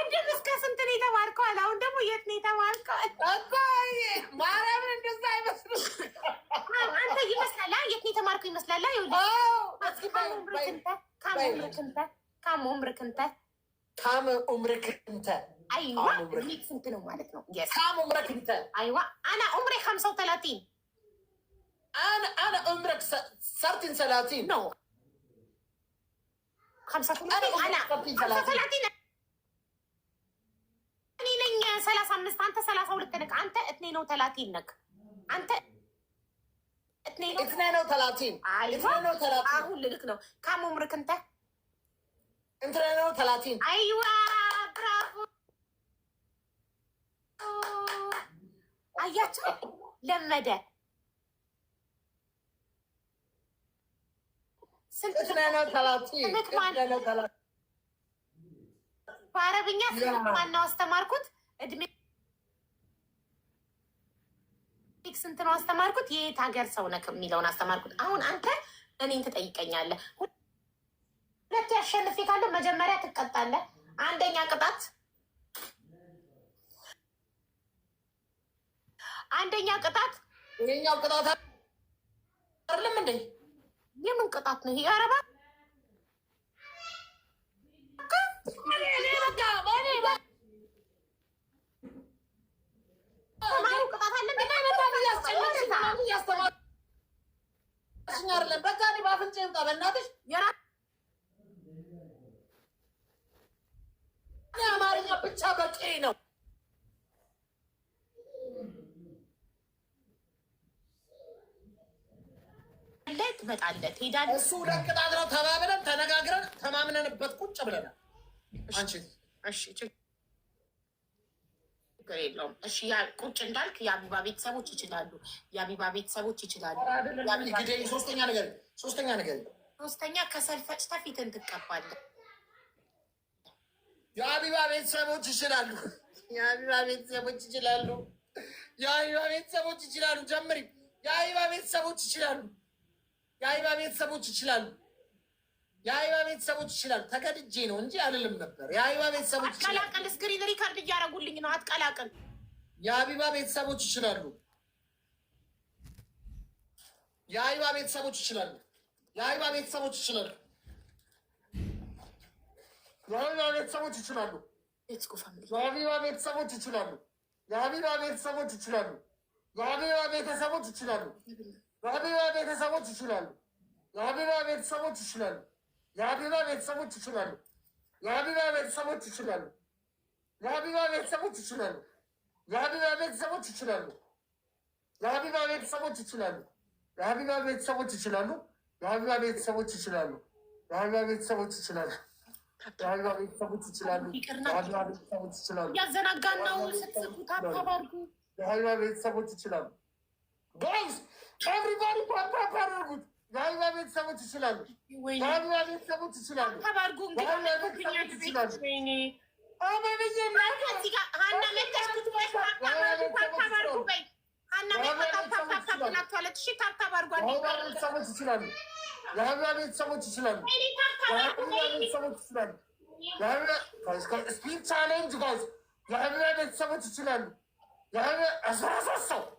ቅድም እስከ ስንት ነው የተማርከዋል? አሁን ደግሞ የት ነው የተማርከዋል? ማርያምን እንደዛ አይመስልም። አንተ ይመስላል የት ነው የተማርከው ይመስላል። ካም ኡምርክንተ ካም ኡምርክንተ አይዋ ስንት ነው ማለት ነው? ካም ኡምርክንተ አይዋ አና ኡምሬ ከምሰው ተላቲን አና ኡምሬ ሰርቲን ሰላቲን ነው እኔ ነኝ ሰላሳ አምስት አንተ ሰላሳ ሁለት ነህ። አንተ እትኔ ነው ተላቲን ነህ። አንተ እትኔ ነው ተላቲን። አሁን ልልክ ነው ካሞምርክ እንተ እንትነ ነው ተላቲን። አይዋ ብራቮ አያቸው ለመደ በአረብኛ ስልክ ዋናው አስተማርኩት። እድሜ ስንት ነው አስተማርኩት። የት ሀገር ሰው ነህ የሚለውን አስተማርኩት። አሁን አንተ እኔን ትጠይቀኛለህ። ሁለት ያሸንፌ ካለው መጀመሪያ ትቀጣለህ። አንደኛ ቅጣት አንደኛ ቅጣት ይኸኛው ቅጣት አይደለም እንደ የምን ቅጣት ነው ይሄ? አረባ የአማርኛ ብቻ በቂ ነው። አለት እሱ ለቅጣት ተባብለን ተነጋግረን ተማምነንበት ቁጭ ብለናል። እሺ ቁጭ እንዳልክ የአቢባ ቤተሰቦች ይችላሉ፣ የአቢባ ቤተሰቦች ይችላሉ። ሶስተኛ ነገር ሶስተኛ ነገር ሶስተኛ ከሰልፈጭ ተፊትን ትቀባለህ። የአቢባ ቤተሰቦች ይችላሉ፣ የአቢባ ቤተሰቦች ይችላሉ፣ የአቢባ ቤተሰቦች ይችላሉ። ጀምሪ። የአቢባ ቤተሰቦች ይችላሉ የአይባ ቤተሰቦች ይችላሉ። የአይባ ቤተሰቦች ይችላሉ። ተገድጄ ነው እንጂ አልልም ነበር። የአይባ ቤተሰቦች አትቀላቀል። እስክሪን ሪካርድ እያደረጉልኝ ነው። አትቀላቀል። የአቢባ ቤተሰቦች ይችላሉ። የአይባ ቤተሰቦች ይችላሉ። የአይባ ቤተሰቦች ይችላሉ። የአይባ ቤተሰቦች ይችላሉ። የአቢባ ቤተሰቦች ይችላሉ። የአቢባ ቤተሰቦች ይችላሉ። የአቢባ ቤተሰቦች ይችላሉ። የሀዲራ ቤተሰቦች ይችላሉ። የሀዲራ ቤተሰቦች ይችላሉ። የሀዲራ ቤተሰቦች ይችላሉ። የሀዲራ ቤተሰቦች ይችላሉ። የሀዲራ ቤተሰቦች ይችላሉ። የሀዲራ ቤተሰቦች ይችላሉ። የሀዲራ ቤተሰቦች ይችላሉ። የሀዲራ ቤተሰቦች ይችላሉ። የሀዲራ ቤተሰቦች ይችላሉ። የሀዲራ ቤተሰቦች ይችላሉ። የሀዲራ ቤተሰቦች ይችላሉ። የሀዲራ ቤተሰቦች ይችላሉ። ያዘናጋናው ስትስቁት አታባርጉ። የሀዲራ ቤተሰቦች ይችላሉ። ኤቭሪባዲ ፓፓፕ አድርጉት። የአይባ ቤተሰቦች ይችላሉ። የአይባ ቤተሰቦች ይችላሉ። ቤተሰቦች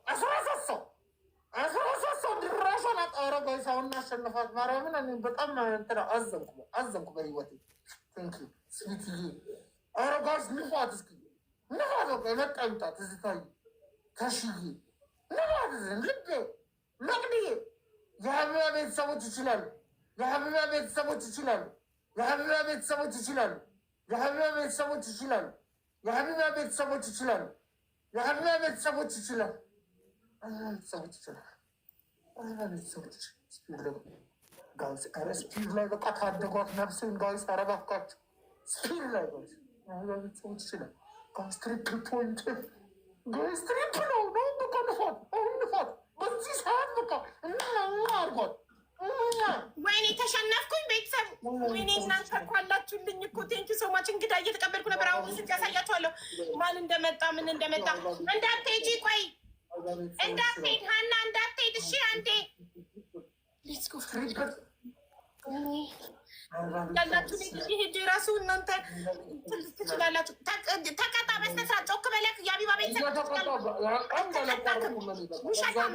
ይችላሉ። አስራሶስት ሰው ድራሽ አሸንፋት። ማርያምን እኔ በጣም አዘንኩ አዘንኩ በህይወቴ ንፋት እስኪ ንፋት መጣ ንፋት የሀቢባ ቤተሰቦች ይችላሉ። የሀቢባ ቤተሰቦች ይችላሉ። የሀቢባ ቤተሰቦች ይችላሉ። የሀቢባ ቤተሰቦች ይችላሉ። የሀቢባ ቤተሰቦች ይችላሉ። የሀቢባ ቤተሰቦች ይችላሉ። ስፒድ ላይ በቃ ታደጓት ነፍስን ጋይስ ኧረ ስፒድ ላይ ሰዎች ጋይስ ትሪፕል ፖይንት ጋይስ ትሪፕል ነው ነው በቃ ንፋት አሁን ንፋት በዚህ ሰዓት በቃ እና እና አድርጓት ወይኔ ተሸነፍኩኝ ቤተሰብ ወይኔ እናንተ እኮ አላችሁልኝ እኮ ቴንኪው ሶማች እንግዳ እየተቀበልኩ ነበር አሁን ስልክ ያሳያችኋለሁ ማን እንደመጣ ምን እንደመጣ እንዳትሄጂ ያላችሁ ሄጄ ራሱ እናንተ ትችላላችሁ። ተቀጣ በስተስራ ጮክ በለክ የአቢባ ቤተሰብ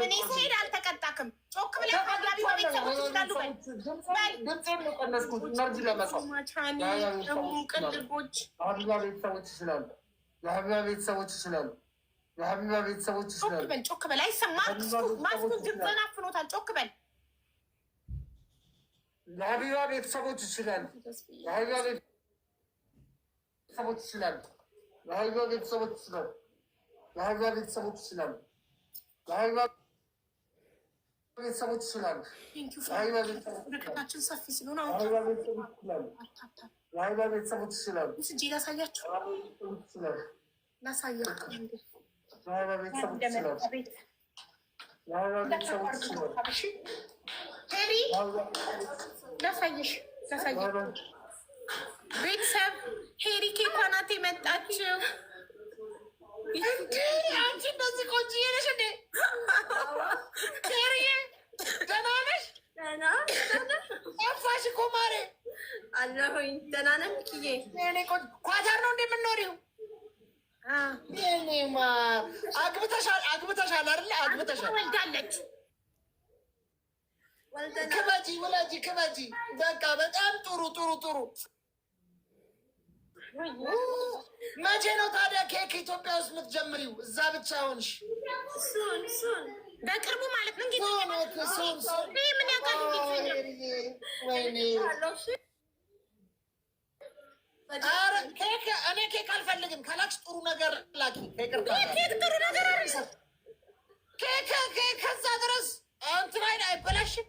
እኔ ስሄድ አልተቀጣክም። ጮክ የአቢባ ቤተሰቦች ይችላሉ ቅልቦች ቤተሰቦች ይችላሉ። የአቢባ ቤተሰቦች ጮክ በል አይሰማም። ማስኩን ድምፅህን አፍኖታል። ጮክ በል ለሀቢባ ቤተሰቦች ይችላል ለሀቢባ ቤተሰቦች ይችላል ለሀቢባ ቤተሰቦች ይችላሉ። ለሀቢባ ቤተሰቦች ይችላሉ። ለሀቢባ ቤተሰቦች ይችላሉ። ለሀቢባ ቤተሰቦች ይችላሉ። ለሀቢባ ቤተሰቦች ይችላሉ። ሄሪ ለፋይሽ ለፋይሽ ቤተሰብ ሄሪ ኬኳ ናት የመጣችው። አንቺ እንደዚህ ቆንጅዬ ነሽ እንዴ? ሄሪ ደህና ነሽ? ጠፋሽ እኮ ማሬ አለሁኝ። ደህና ነን ኪዬ። ኳታር ነው እንደምንኖሪው አግብተሻል? አግብተሻል አይደለ? አግብተሻል ወልዳለች ክበጂ ውለጂ ክበጂ። በቃ በጣም ጥሩ ጥሩ ጥሩ። መቼ ነው ታዲያ ኬክ ኢትዮጵያ ውስጥ ምትጀምሪው እዛ ብቻ ሆንሽ? በቅርቡ ማለት ነው። ምን ያውቃል? እኔ ኬክ አልፈልግም። ከላክሽ ጥሩ ነገር ላኪ። ጥሩ ነገር ኬክ ከዛ ድረስ እንትን አይበላሽም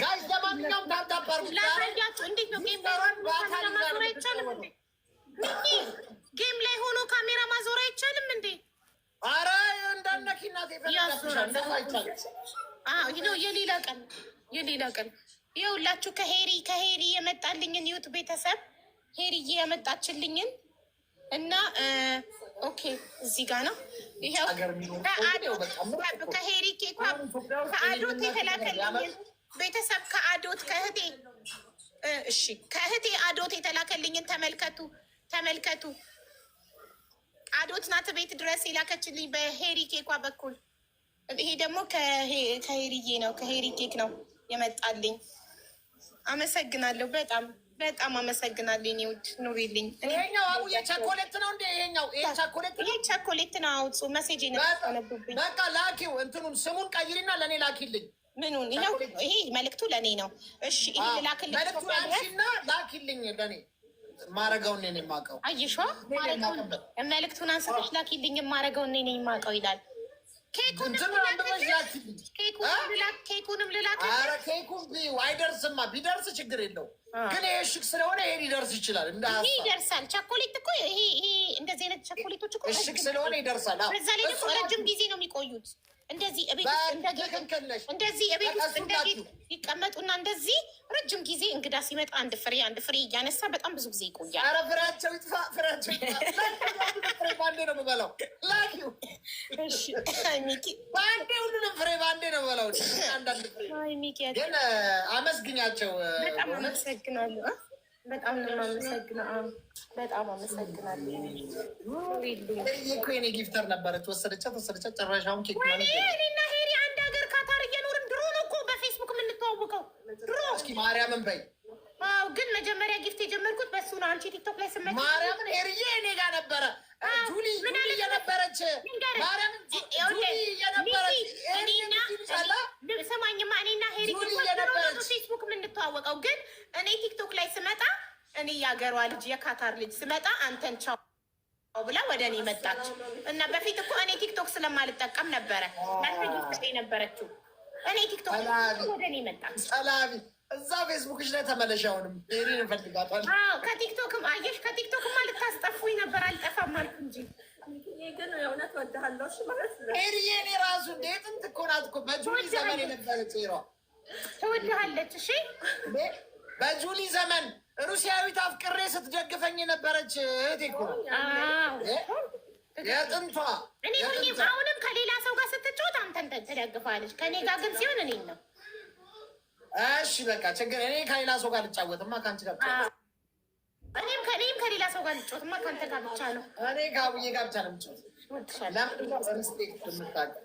ጋይስ ለማንኛውም ታታባሩ ጌም ላይ ሆኖ ካሜራ ማዞር አይቻልም እንዴ? አረ እንዳነኪና የሌላ ቀን የሌላ ቀን ይኸውላችሁ ከሄሪ ከሄሪ የመጣልኝን ዩት ቤተሰብ ሄሪዬ ያመጣችልኝን እና ኦኬ እዚህ ጋ ነው። ይኸው ከሄሪ ኬኳ ከአዶት የተላከልኝን ቤተሰብ ከአዶት ከእህቴ እሺ፣ ከእህቴ አዶት የተላከልኝን ተመልከቱ፣ ተመልከቱ። አዶት ናት ቤት ድረስ የላከችልኝ በሄሪ ኬኳ በኩል። ይሄ ደግሞ ከሄሪዬ ነው፣ ከሄሪ ኬክ ነው የመጣልኝ። አመሰግናለሁ በጣም በጣም አመሰግናለሁ። ውድ ኑሪልኝ። ይሄኛው አቡ የቸኮሌት ነው እንዴ? ይሄኛው ይሄ ቸኮሌት ነው፣ አውፁ መሴጅ ነው ነብብኝ። በቃ ላኪው፣ እንትኑን ስሙን ቀይሪና ለእኔ ላኪልኝ። ምኑን ይኸው ይሄ መልዕክቱ ለእኔ ነው። እሺ ይሄ ልላክልኝ መልዕክቱና ላኪልኝ ለእኔ ማረገው እኔ ነኝ የማውቀው። አየሽ መልዕክቱን አንስተሽ ላኪልኝ የማረገው እኔ ነኝ የማውቀው ይላል። ኬኩንም ልላክልኝ አይደርስማ። ቢደርስ ችግር የለው ግን ይሄ እሽግ ስለሆነ ይሄ ሊደርስ ይችላል። ይሄ ይደርሳል። ቸኮሌት እኮ ይሄ እንደዚህ አይነት ቸኮሌቶች እኮ እሽግ ስለሆነ ይደርሳል። በዛ ላይ ደግሞ ረጅም ጊዜ ነው የሚቆዩት። እንደዚህ እንደዚህ እቤት ውስጥ እንደዚህ ይቀመጡና እንደዚህ ረጅም ጊዜ እንግዳ ሲመጣ አንድ ፍሬ አንድ ፍሬ እያነሳ በጣም ብዙ ጊዜ ይቆያል። ኧረ ፍሬያቸው ይጥፋ፣ ፍሬያቸው ፍሬ ባንዴ ነው የምበላው። ላኪ ሁሉንም ፍሬ ባንዴ ነው የምበላው። አመስግኛቸው። በጣም አመሰግናለሁ። በጣም ነው የማመሰግነው። በጣም አመሰግናለሁ። የኔ ጊፍተር ነበረች ወሰደቻት ወሰደቻት። ጭራሽ ኬክ እኔና ሄሪ አንድ ሀገር ካታር እየኖርን ድሮ ነው እኮ በፌስቡክ የምንተዋወቀው ድሮ። እስኪ ማርያምን በይ። አዎ፣ ግን መጀመሪያ ጊፍት የጀመርኩት በሱ ነው። አንቺ ቲክቶክ ላይ ስመ ማርያምን ሄሪዬ እኔ ጋር ነበረ ጁሊ የነበረች ጁሊ የነበረች ስማኝማ፣ እኔና ፌስቡክ የምንተዋወቀው ግን እኔ ቲክቶክ ላይ ስመጣ እኔ የአገሯ ልጅ የካታር ልጅ ስመጣ አንተን ቻው ብላ ወደ እኔ መጣች እና በፊት እኮ እኔ ቲክቶክ ስለማልጠቀም ነበረ ነበረችው። እኔ ቲክቶክ ወደ እኔ መጣች። እዛ ፌስቡክሽ ላይ ተመለሽ። አሁንም ሪን እንፈልጋታል። ከቲክቶክም አየሽ፣ ከቲክቶክማ ልታስጠፉኝ ነበር። አልጠፋም አልኩ እንጂ ግን እውነት ወድሃለሁ ማለት ነው። ሪኔ ራሱ እንዴትን ትኮናት እኮ በጁሊ ዘመን የነበረች ሮ ትወድሃለች። እሺ በጁሊ ዘመን ሩሲያዊት አፍቅሬ ስትደግፈኝ የነበረች እህቴ እኮ የጥንቷ። እኔ አሁንም ከሌላ ሰው ጋር ስትጫወት አንተን ትደግፋለች፣ ከኔ ጋር ግን ሲሆን እኔ ነው እሺ በቃ ችግር እኔ ከሌላ ሰው ጋር ልጫወትማ ከአንቺ ጋር እኔም ከሌላ ሰው ጋር ልጫወትማ ከአንተ ጋር ብቻ ነው። እኔ ከአቡዬ ጋር ብቻ ነው የምጫወት። ጋር ልጆቹ ክፍል ናቸው።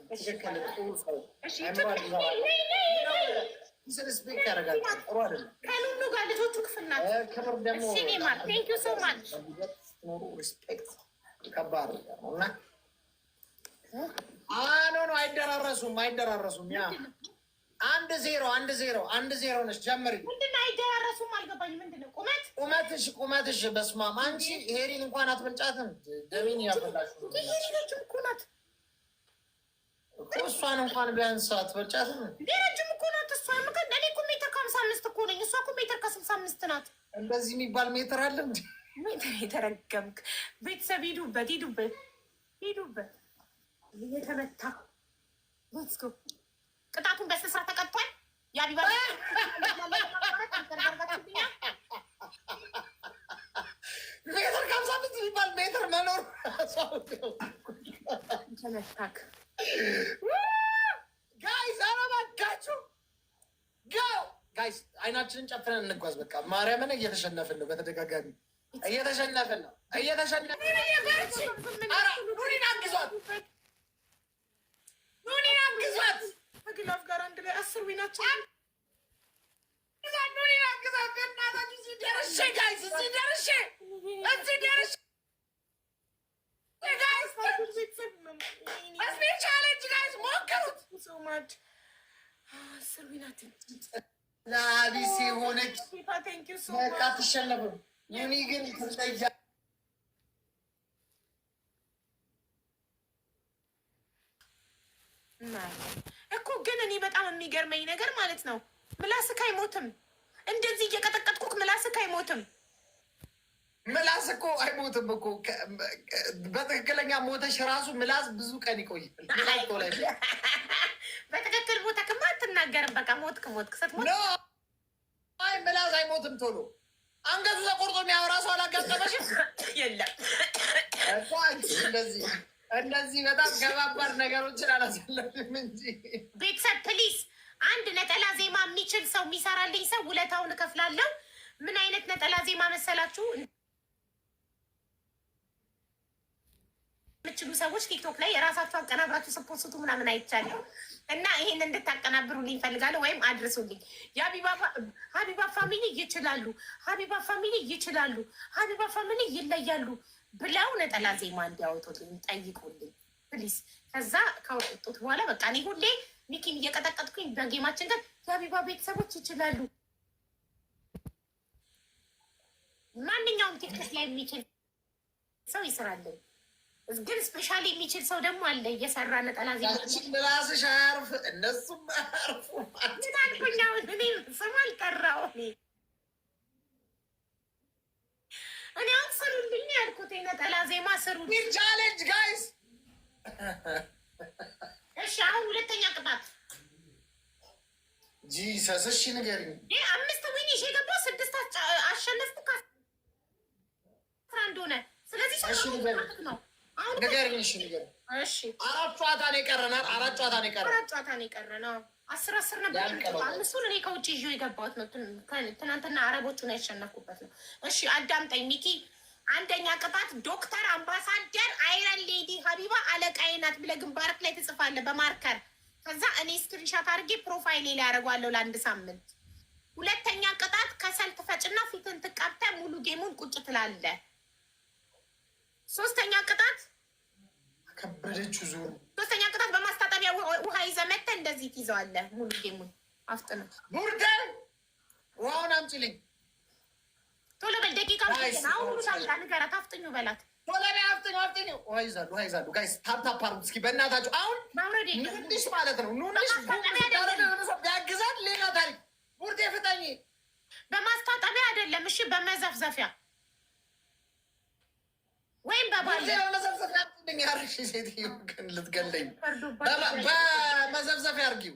አይደራረሱም አይደራረሱም ያ አንድ ዜሮ አንድ ዜሮ አንድ ዜሮ ነሽ። ጀምሪ። ምንድን ነው አይደራረሱም? አልገባኝ። ምንድን ነው ቁመት ቁመትሽ ቁመትሽ። በስመ አብ አንቺ ሄሪን እንኳን አትበልጫትም። ደሚን ያበላሽ ቁመት እሷን እንኳን ቢያንስ አትበልጫትም። ደረጅም እኮ ናት እሷ። እኔ እኮ ሜትር ከሀምሳ አምስት እኮ ነኝ። እሷ እኮ ሜትር ከስልሳ አምስት ናት። እንደዚህ የሚባል ሜትር አለ እንዴ? ሜትር የተረገምክ ቤተሰብ፣ ሂዱበት፣ ሂዱበት፣ ሂዱበት እየተመታ ቅጣቱን በስስራ ተቀጥቷል። የአቢባ ሜትር ከሀምሳ አምስት የሚባል ሜትር መኖር ጋይስ፣ ኧረ እባካችሁ ጋይስ፣ አይናችንን ጨፍነን እንጓዝ። በቃ ማርያምን እየተሸነፍን ነው፣ በተደጋጋሚ እየተሸነፍን ነው። እየተሸነፍን ኑሪን አግዟት፣ ኑሪን አግዟት ከግላፍ ጋር አንድ ላይ አስር ዊናችን ላቢስ የሆነች በቃ ግን ተጠያ ግን እኔ በጣም የሚገርመኝ ነገር ማለት ነው ምላስክ አይሞትም። እንደዚህ እየቀጠቀጥኩክ ምላስክ አይሞትም። ምላስ እኮ አይሞትም እኮ በትክክለኛ ሞተሽ ራሱ ምላስ ብዙ ቀን ይቆያል። በትክክል ቦታ ክማ አትናገርም። በቃ ሞትክ ሞትክ ስትሞት አይ ምላስ አይሞትም። ቶሎ አንገቱ ተቆርጦ የሚያወራ ሰው አላጋጠመሽም? የለም እንደዚህ እንደዚህ በጣም ገባባር ነገሮችን አላሳለፍም እንጂ ቤተሰብ ፕሊስ፣ አንድ ነጠላ ዜማ የሚችል ሰው የሚሰራልኝ ሰው ውለታውን እከፍላለሁ። ምን አይነት ነጠላ ዜማ መሰላችሁ? የምችሉ ሰዎች ቲክቶክ ላይ የራሳችሁ አቀናብራችሁ ስፖስቱ ምናምን አይቻለሁ እና ይሄን እንድታቀናብሩልኝ ፈልጋለሁ፣ ወይም አድርሱልኝ። ሀቢባ ፋሚሊ ይችላሉ፣ ሀቢባ ፋሚሊ ይችላሉ፣ ሀቢባ ፋሚሊ ይለያሉ ብላው ነጠላ ዜማ እንዲያወጡልኝ ጠይቁልኝ ፕሊስ። ከዛ ካወጡት በኋላ በቃ እኔ ሁሌ ሚኪን እየቀጠቀጥኩኝ በጌማችን ጋር የአቢባ ቤተሰቦች ይችላሉ። ማንኛውም ቲክቶክ ላይ የሚችል ሰው ይስራለን። ግን ስፔሻል የሚችል ሰው ደግሞ አለ እየሰራ ነጠላ ዜማራስሽ አያርፍ እነሱም አያርፉ ምን አልኩኛው ስም አልጠራው እኔ አሁን ስሩልኝ ያልኩት ነጠላ ዜማ ስሩ ቻሌንጅ ጋይስ። እሺ አሁን ሁለተኛ ቅጣት ጂሰስ። እሺ ንገሪኝ። አምስት ዊኒሽ የገባ ስድስት አሸነፍኩ ከአስራ እንደሆነ ስለዚህ ነው። ንገሪኝ። እሺ ንገሪኝ። አራት ጨዋታ ነው የቀረናል። አራት ጨዋታ ነው የቀረናል። አስር አስር ነበር። አምስቱን እኔ ከውጭ ይዤ የገባሁት ነው። ትናንትና አረቦቹን ያሸነፍኩበት ነው። እሺ አዳምጠኝ ሚኪ። አንደኛ ቅጣት ዶክተር አምባሳደር አይረን ሌዲ ሀቢባ አለቃዬ ናት ብለህ ግንባርክ ላይ ትጽፋለህ በማርከር ከዛ እኔ ስክሪንሻት አድርጌ ፕሮፋይሌ ላይ ያደርገዋለሁ ለአንድ ሳምንት። ሁለተኛ ቅጣት ከሰል ትፈጭና ፊትን ትቀብተህ ሙሉ ጌሙን ቁጭ ትላለህ። ሶስተኛ ቅጣት ከበደች ዙ ሶስተኛ ቅጣት በማስታ ታዲያ ውሃ ይዘህ መተህ እንደዚህ ትይዘዋለህ። ሙሉጌሙን አፍጥነት ቡርደ ውሃውን አምጪልኝ ቶሎ በል። ደቂቃ አሁን ሁሉ ታምጣ ንገራት። አፍጥኙ በላት ቶሎ በይ። አፍጥኙ ውሃ ይዛሉ ውሃ ይዛሉ። ጋይስ ታፕታፕ አድርጉት እስኪ በእናታችሁ። አሁን ንንሽ ማለት ነው ኑንሽ ያግዛል። ሌላ ታሪክ ቡርዴ ፍጠኝ። በማስታጠቢያ አይደለም እሺ፣ በመዘፍዘፊያ ወይም በመዘብዘፊያ ያርሽ ሴትዮ ግን ልትገለኝ በመዘብዘፊያ አርጊው።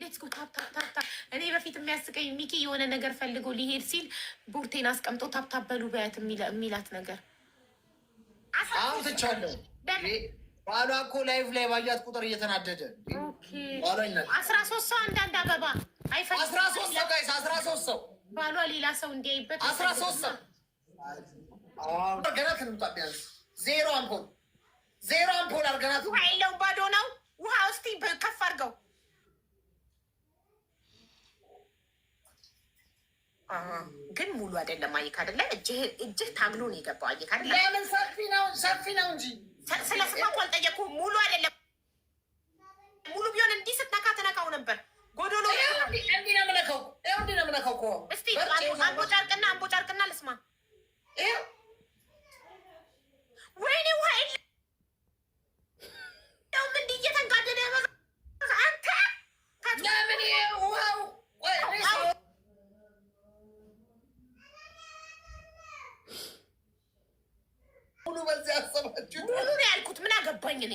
ሌትስ ጎ ታፕታፕታፕታ እኔ በፊት የሚያስቀኝ ሚኪ የሆነ ነገር ፈልጎ ሊሄድ ሲል ቡርቴን አስቀምጦ ታፕታፕ በሉ በያት የሚላት ነገር አሁን ትቻለሁ። ባሏ እኮ ላይቭ ላይ ባያት ቁጥር እየተናደደ አስራ ሶስት ሰው አንዳንድ አበባ አይፈልግም። ሶስት ሰው ጋይስ፣ አስራ ሶስት ሰው ባሏ ሌላ ሰው እንዲያይበት አስራ ሶስት ሰው ገናት እንምጣ። ቢያንስ ዜሮ አምፖል ዜሮ አምፖል አድርገናት። ውሃ የለው ባዶ ነው። ውሃ እስቲ ከፍ አድርገው። ግን ሙሉ አይደለም። አየክ አይደለ? እጅህ ታግሎ ነው የገባው። አየክ አይደለ? ለምን ሰፊ ነው፣ ሰፊ ነው እንጂ ስለ ስፋቱ አልጠየኩም። ሙሉ አይደለም። ሙሉ ቢሆን እንዲህ ስትነካ ትነካው ነበር። ጎዶሎ እንዲህ ነው የምነካው። እኮ። እስቲ አንቦ ጨርቅና አንቦ ጨርቅና ልስማ ወይኔ ውሃ የለውም። ሙሉ በዚህ አሰባችሁ ሙሉ ነው ያልኩት። ምን አገባኝ እኔ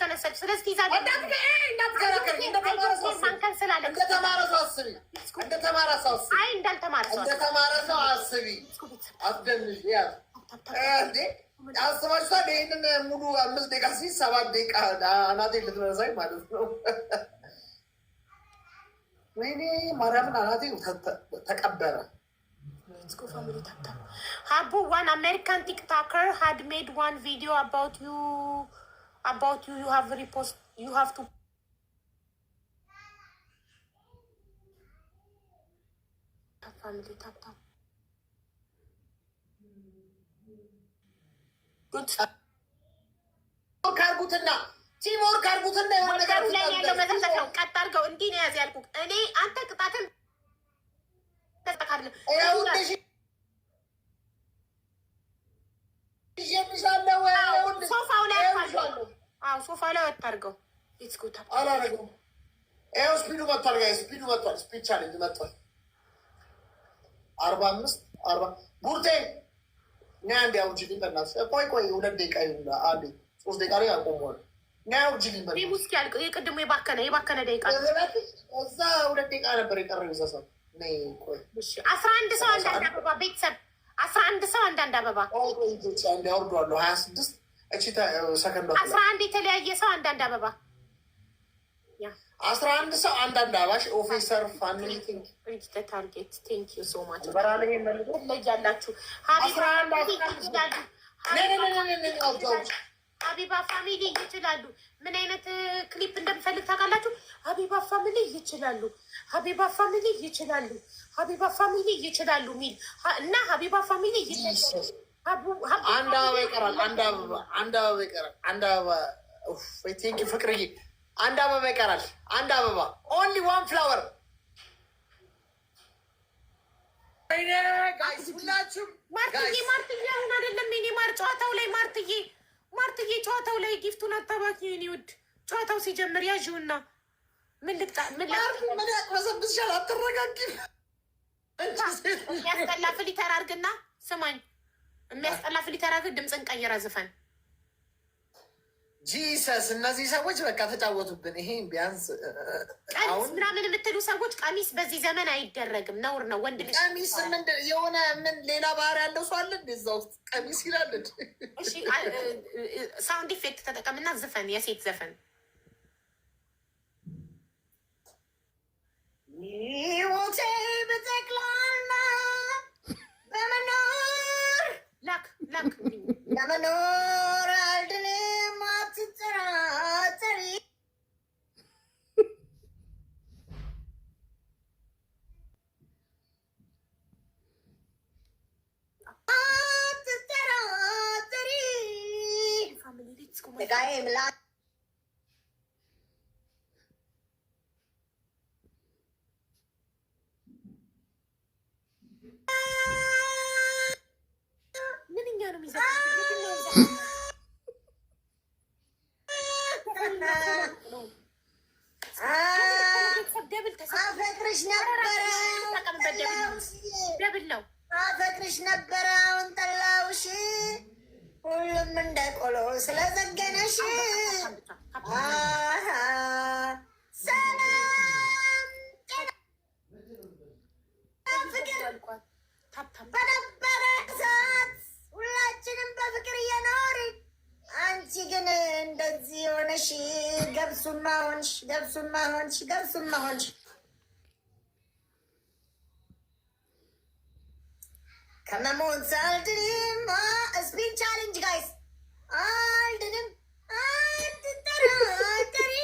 የተነሳች ስለዚህ አስባችኋል። ይህንን ሙሉ አምስት ደቂቃ ሲ ሰባት ደቂቃ አናቴ ልትመሳኝ ማለት ነው። ወይኔ ማርያምን አናቴ ተቀበረ። ሀቡ ዋን አሜሪካን ቲክታከር ሀድ ሜድ ዋን ቪዲዮ አባውት ዩ about you, you have repost, you have to family tap tap. Good. ቲሞር ካርጉትና የሆነ ነገር ላይ ያለው ቀጥ አድርገው እንዲህ ነው ያዝ ያልኩህ እኔ አንተ ቅጣትን ሶፋው ላይ ሶፋ ላይ አታርገው። አላረገውም። ይኸው ስፒዱ መጥቷል፣ ስፒዱ መጥቷል። ስፒድ ቻሌንጅ መጥቷል። አርባ አምስት አርባ ቡርቴ ና እንዲ አውጅ ቆይ ቆይ ሁለት ደቂቃ ይሁን ሶስት ደቂቃ ላይ ና አውጅ ሙስኪ የቅድሙ የባከነ የባከነ ደቂቃ እዛ ሁለት ደቂቃ ነበር የቀረው። አስራ አንድ ሰው አንዳንድ አበባ ቤተሰብ አስራ አንድ ሰው አንዳንድ አበባ እንዲያወርዷለሁ ሀያ ስድስት አስራ አንድ የተለያየ ሰው አንዳንድ አበባ አስራ አንድ ሰው አንዳንድ አባሽ ኦፊሰር ፋሚሊለያላችሁ ሀቢባ ፋሚሊ ይችላሉ። ምን አይነት ክሊፕ እንደምፈልግ ታውቃላችሁ? ሀቢባ ፋሚሊ ይችላሉ፣ ሀቢባ ፋሚሊ ይችላሉ፣ ሀቢባ ፋሚሊ ይችላሉ ሚል እና ሀቢባ ፋሚሊ ይችላሉ አንድ አበባ ይቀራል። አንድ አበባ አንድ አበባ ይቀራል። አንድ አበባ ቴንኪ ፍቅርዬ። አንድ አበባ ይቀራል። አንድ አበባ ኦንሊ ዋን ፍላወር። ሁላችሁም ማርትዬ ማርትዬ፣ አሁን አይደለም ማር ጨዋታው ላይ ማርትዬ ማርትዬ፣ ጨዋታው ላይ ጊፍቱን አታባኪ ውድ። ጨዋታው ሲጀምር ያዥውና ምን ምን ያስጠላ ፍሊተር አድርግና ስማኝ የሚያስጠላ ፍሊት ያደረግህ ድምፅን ቀይረ ዝፈን። ጂሰስ እነዚህ ሰዎች በቃ ተጫወቱብን። ይሄ ቢያንስ ቀሚስ ምናምን የምትሉ ሰዎች ቀሚስ በዚህ ዘመን አይደረግም፣ ነውር ነው። ወንድ ልጅ ቀሚስ ምንድን የሆነ ምን ሌላ ባህሪ ያለው ሰው አለ እንደዛ ውስጥ ቀሚስ ይላል። ሳውንድ ኢፌክት ተጠቀምና ዝፈን፣ የሴት ዘፈን ይወቴ በጠቅላላ በመኖ ላክ ላክ ለመኖር አልድንም አትጠራጠሪ። አትጠራጠሪ ገብሱማ ሆንሽ፣ ገብሱማ ሆንሽ፣ ገብሱማ ሆንሽ። ከመሞት አልድንም። ስፒን ቻሌንጅ ጋይስ አልድንም። አትጠራጠሪ፣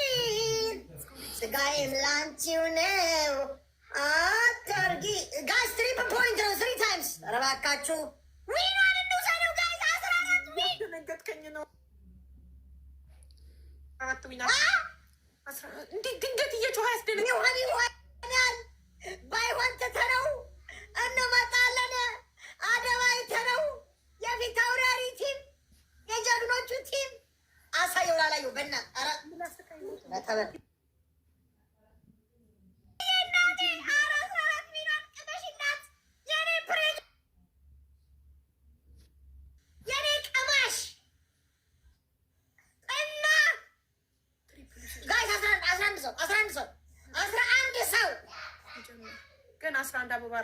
ስጋዬም ላንቺው ነው። አትርጊ ጋይስ። ትሪ ፖይንት ነው፣ ትሪ ታይምስ። ኧረ እባካችሁ ዊናን እንውሰደው ጋይስ። አስራ አራት ዊን ነገጥከኝ ነው አራት ዊና እንዴት ድንገት እየጮኸ ያስደነኛል። ባይሆን ትተነው እንመጣለን። አደባ ይተነው። የፊት አውራሪ ቲም፣ የጀግኖቹ ቲም አሳየው ላላየው በእናትህ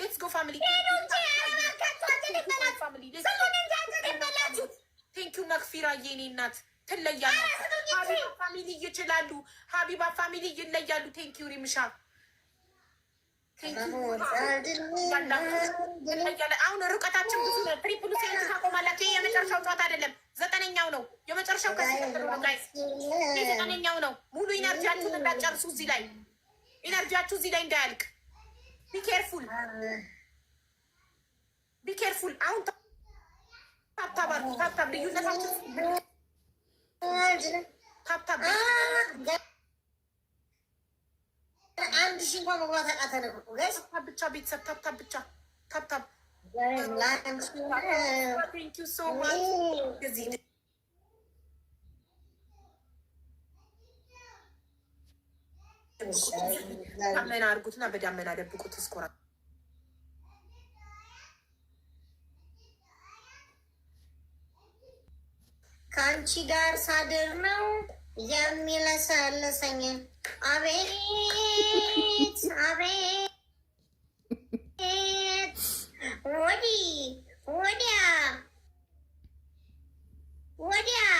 ሌትስ ጎ ፋሚሊ ቴንኪው መክፊራ የኔ እናት ትለያሉ። ሀቢባ ፋሚሊ ይችላሉ። ሀቢባ ፋሚሊ ይለያሉ። ቴንኪዩ ሪምሻ አሁን ርቀታችን ብዙ ነው። ትሪፕሉ ሴንት ታቆማላችሁ። የመጨረሻው ጨዋታ አይደለም፣ ዘጠነኛው ነው። የመጨረሻው ነው። ዘጠነኛው ነው። ሙሉ ኢነርጂያችሁን እንዳጨርሱ እዚህ ላይ ኢነርጂያችሁ እዚህ ላይ እንዳያልቅ ቢኬርፉል ቢኬርፉል። አሁን ታብታባሉ ታብታብ ልዩነታችን ታብታብ አንድ ሺህ እንኳን መግባት አቃተን። ታብታብ ብቻ ቤተሰብ ታብታብ ብቻ ታብታብ ዳመና አድርጉትና በዳመና ደብቁት እስኮራ ከአንቺ ጋር ሳድር ነው የሚለሰለሰኝ። አቤት አቤት፣ ወዲህ ወዲያ ወዲያ